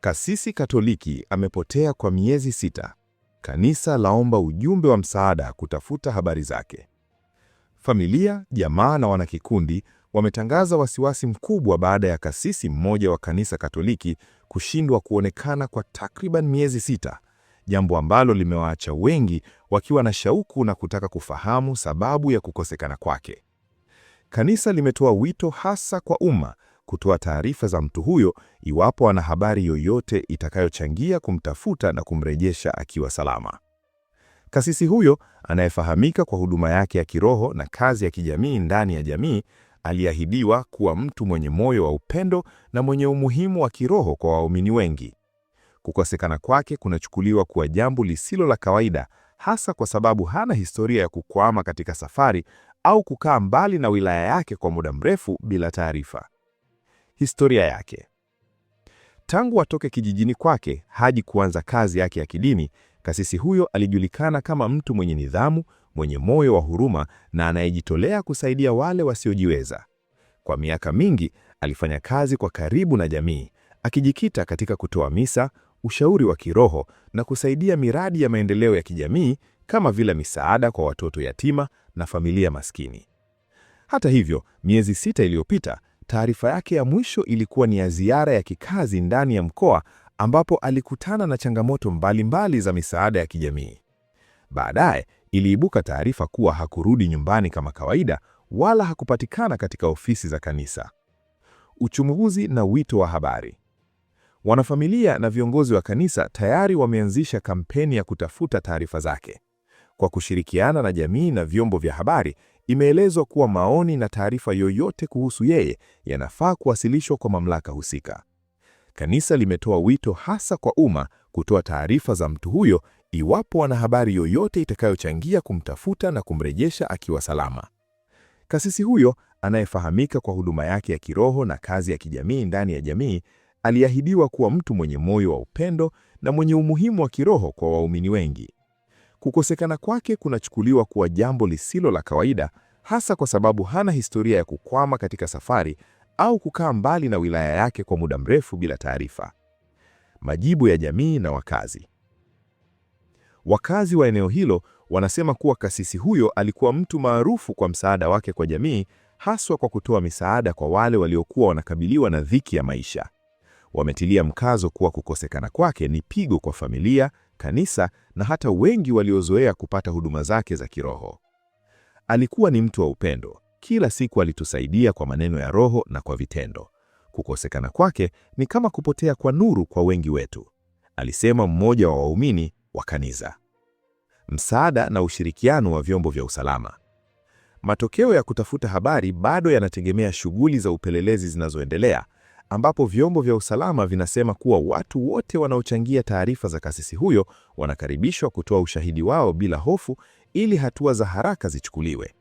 Kasisi Katoliki amepotea kwa miezi sita. Kanisa laomba ujumbe wa msaada kutafuta habari zake. Familia, jamaa na wanakikundi wametangaza wasiwasi mkubwa baada ya kasisi mmoja wa Kanisa Katoliki kushindwa kuonekana kwa takriban miezi sita, jambo ambalo limewaacha wengi wakiwa na shauku na kutaka kufahamu sababu ya kukosekana kwake. Kanisa limetoa wito hasa kwa umma kutoa taarifa za mtu huyo iwapo ana habari yoyote itakayochangia kumtafuta na kumrejesha akiwa salama. Kasisi huyo anayefahamika kwa huduma yake ya kiroho na kazi ya kijamii ndani ya jamii aliahidiwa kuwa mtu mwenye moyo wa upendo na mwenye umuhimu wa kiroho kwa waumini wengi. Kukosekana kwake kunachukuliwa kuwa jambo lisilo la kawaida, hasa kwa sababu hana historia ya kukwama katika safari au kukaa mbali na wilaya yake kwa muda mrefu bila taarifa historia yake. Tangu atoke kijijini kwake hadi kuanza kazi yake ya kidini, kasisi huyo alijulikana kama mtu mwenye nidhamu, mwenye moyo wa huruma na anayejitolea kusaidia wale wasiojiweza. Kwa miaka mingi alifanya kazi kwa karibu na jamii, akijikita katika kutoa misa, ushauri wa kiroho na kusaidia miradi ya maendeleo ya kijamii kama vile misaada kwa watoto yatima na familia maskini. Hata hivyo, miezi sita iliyopita Taarifa yake ya mwisho ilikuwa ni ya ziara ya kikazi ndani ya mkoa ambapo alikutana na changamoto mbalimbali mbali za misaada ya kijamii. Baadaye iliibuka taarifa kuwa hakurudi nyumbani kama kawaida wala hakupatikana katika ofisi za kanisa. Uchunguzi na wito wa habari. Wanafamilia na viongozi wa kanisa tayari wameanzisha kampeni ya kutafuta taarifa zake. Kwa kushirikiana na jamii na vyombo vya habari, Imeelezwa kuwa maoni na taarifa yoyote kuhusu yeye yanafaa kuwasilishwa kwa mamlaka husika. Kanisa limetoa wito hasa kwa umma kutoa taarifa za mtu huyo iwapo wana habari yoyote itakayochangia kumtafuta na kumrejesha akiwa salama. Kasisi huyo anayefahamika kwa huduma yake ya kiroho na kazi ya kijamii ndani ya jamii, aliahidiwa kuwa mtu mwenye moyo wa upendo na mwenye umuhimu wa kiroho kwa waumini wengi. Kukosekana kwake kunachukuliwa kuwa jambo lisilo la kawaida, hasa kwa sababu hana historia ya kukwama katika safari au kukaa mbali na wilaya yake kwa muda mrefu bila taarifa. Majibu ya jamii na wakazi. Wakazi wa eneo hilo wanasema kuwa kasisi huyo alikuwa mtu maarufu kwa msaada wake kwa jamii, haswa kwa kutoa misaada kwa wale waliokuwa wanakabiliwa na dhiki ya maisha. Wametilia mkazo kuwa kukosekana kwake ni pigo kwa familia, kanisa na hata wengi waliozoea kupata huduma zake za kiroho. Alikuwa ni mtu wa upendo. Kila siku alitusaidia kwa maneno ya roho na kwa vitendo. Kukosekana kwake ni kama kupotea kwa nuru kwa wengi wetu, alisema mmoja wa waumini wa kanisa. Msaada na ushirikiano wa vyombo vya usalama. Matokeo ya kutafuta habari bado yanategemea shughuli za upelelezi zinazoendelea ambapo vyombo vya usalama vinasema kuwa watu wote wanaochangia taarifa za kasisi huyo wanakaribishwa kutoa ushahidi wao bila hofu ili hatua za haraka zichukuliwe.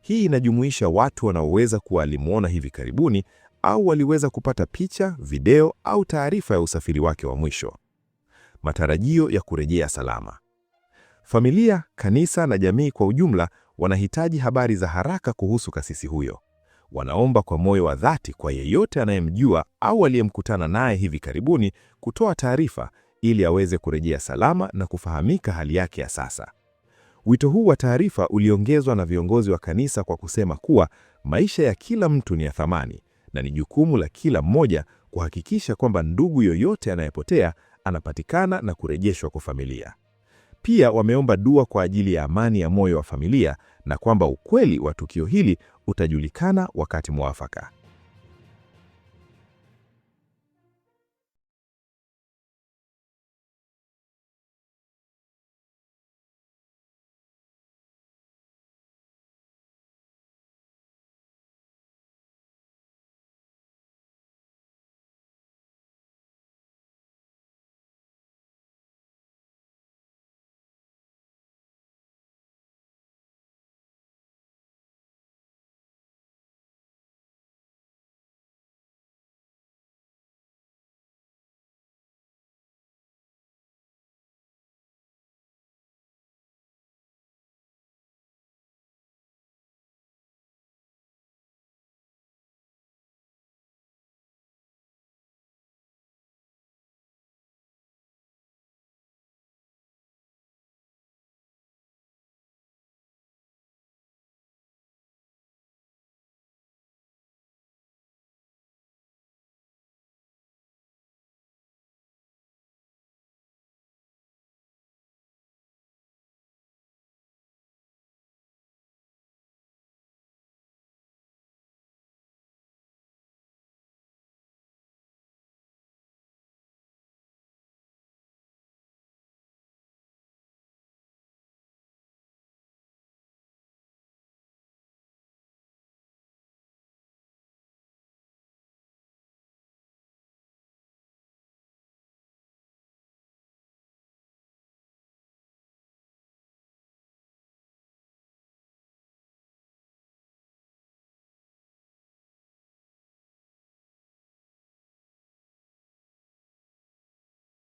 Hii inajumuisha watu wanaoweza kuwa alimwona hivi karibuni au waliweza kupata picha, video au taarifa ya usafiri wake wa mwisho. Matarajio ya kurejea salama. Familia, kanisa na jamii kwa ujumla wanahitaji habari za haraka kuhusu kasisi huyo wanaomba kwa moyo wa dhati kwa yeyote anayemjua au aliyemkutana naye hivi karibuni kutoa taarifa ili aweze kurejea salama na kufahamika hali yake ya sasa. Wito huu wa taarifa uliongezwa na viongozi wa kanisa kwa kusema kuwa maisha ya kila mtu ni ya thamani na ni jukumu la kila mmoja kuhakikisha kwamba ndugu yoyote anayepotea anapatikana na kurejeshwa kwa familia. Pia wameomba dua kwa ajili ya amani ya moyo wa familia na kwamba ukweli wa tukio hili utajulikana wakati mwafaka.